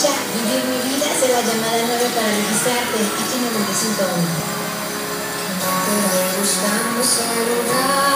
vivir mi vida la llamada nueve para registrarte. Aquí el